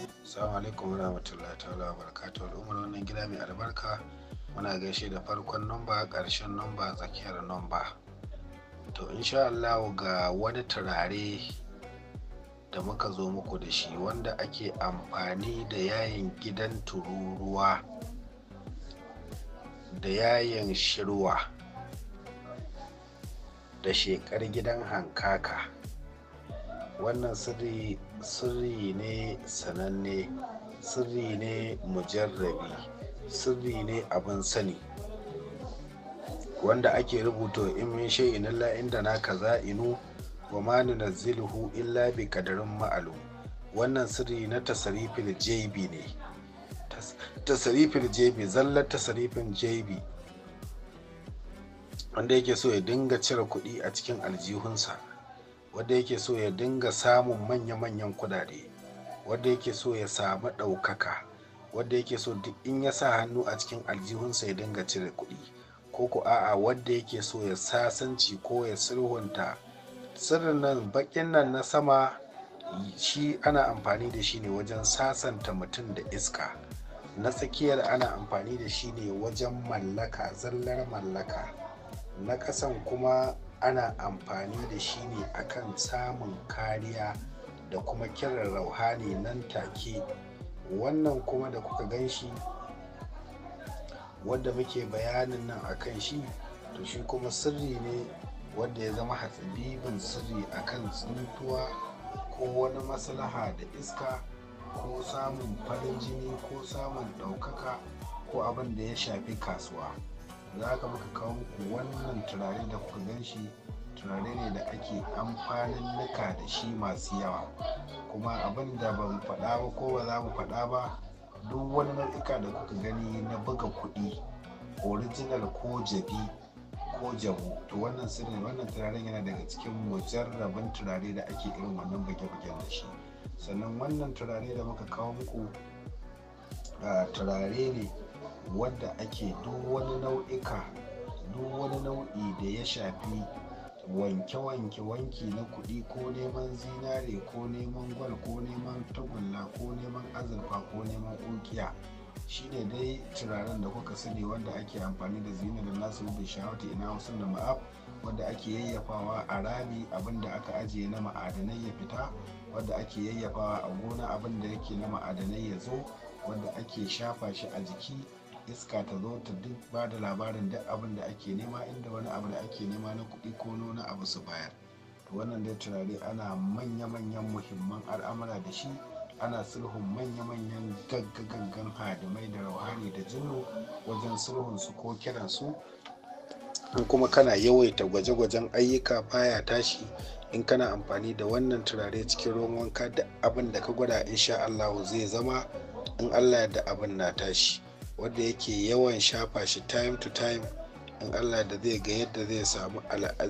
Assalamu alaikum wa rahmatullahi ta'ala wa barakatuhu al'ummar wannan gida mai albarka muna gaishe da farkon numba ƙarshen numba tsakiyar numba. To insha Allah ga wani turare da muka zo muku da shi wanda ake amfani da yayin gidan tururuwa da yayin shirwa da shekar gidan hankaka. wannan sirri sirri ne sananne sirri ne mujarrabi sirri ne abin sani wanda ake rubuta in min shay'in illa inda na kaza inu wa ma nunazziluhu illa bi kadarin wannan sirri na tasarifin jaibi ne tasarifin jebi zallar tasarifin jaibi wanda yake so ya dinga cire kuɗi a cikin aljihunsa wanda yake so ya dinga samun manya-manyan kudade wanda yake so ya samu ɗaukaka wanda yake so duk in ya sa hannu a cikin aljihunsa ya dinga cire kuɗi ko ku a'a wanda yake so ya sasanci ko ya sirhunta sirrin nan bakin nan na sama shi ana amfani da shi ne wajen sasanta mutum da iska na tsakiyar ana amfani da shi ne wajen mallaka zallar mallaka na ƙasan kuma ana amfani da shi ne akan samun kariya da kuma kiran rauhani nan take wannan kuma da kuka gan shi wadda muke bayanin nan akan shi to shi kuma sirri ne wadda ya zama hatsibibin sirri akan tsuntuwa ko wani maslaha da iska ko samun farin jini ko samun ɗaukaka ko abin da ya shafi kasuwa za ka muka kawo muku wannan turare da kuka gan shi turare ne da ake amfanin nuka da shi masu yawa kuma abin da ba mu faɗa ba ko ba za mu faɗa ba duk wani nau'ika da kuka gani na buga kuɗi original ko jabi ko jabu to wannan sirri wannan turaren yana daga cikin mujarrabin turare da ake irin wannan buge-bugen da shi sannan wannan turare da muka kawo muku ah, turare ne wadda ake duk wani nau'ika duk wani nau'i da ya shafi wanke-wanke wanki na kuɗi ko neman zinare ko neman gwal ko neman tagulla ko neman azurfa ko neman ƙungiya ne dai turaren da kuka sani wanda ake amfani da zina da nasu bin shawati ina wasu da ma'af wadda ake yayyafawa a rami abinda aka ajiye na ma'adanai ya fita wadda ake yayyafawa a gona abinda yake na ma'adanai ya zo wanda ake shafa shi a jiki iska ta zo ta duk ba da labarin duk abin da ake nema inda wani abu da ake nema na kuɗi ko na abu su bayar to wannan dai turare ana manya-manyan muhimman al'amura da shi ana sulhun manya-manyan gaggagangan hadimai da rauhani da jinnu wajen sulhun su ko kiran su in kuma kana yawaita gwaje-gwajen ayyuka baya tashi in kana amfani da wannan turare cikin ruwan wanka da abin da ka gwada insha Allah zai zama in Allah da abin na tashi wadda yake yawan shafa shi time to time in allah da zai ga yadda zai samu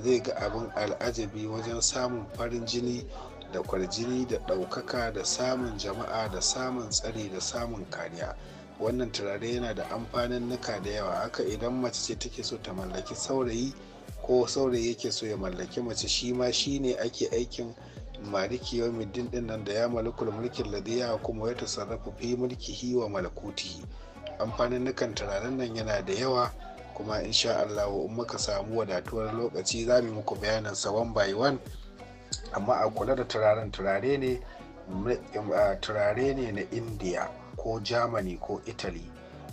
zai ga abin al'ajabi wajen samun farin jini da kwarjini da ɗaukaka da samun jama'a da samun tsari da samun kariya wannan turare yana da amfanin nuka da yawa haka idan mace ce take so ta mallaki saurayi ko saurayi yake so ya mallaki mace shi ma shi ne ake aikin maliki yau din nan da ya malakul mulkin ladiya kuma ya tasarrafa fi mulkihi wa malakuti amfanin nukan turaren nan yana da yawa kuma insha Allah in muka samu wadatuwar lokaci za mu muku bayanin sa one by one amma a kula da turaren turare ne turare ne na indiya ko Germany ko Italy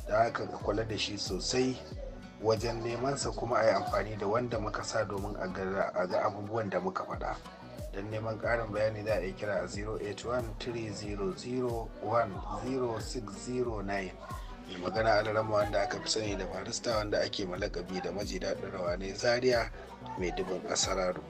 da haka kula da shi sosai wajen nemansa kuma a yi amfani da wanda muka sa domin a ga abubuwan da muka faɗa don neman ƙarin bayani za a yi kira a 081 300 mai magana alarama wanda aka fi sani da barista wanda ake malakabi da maji daɗin rawa ne zaria mai dubin asararu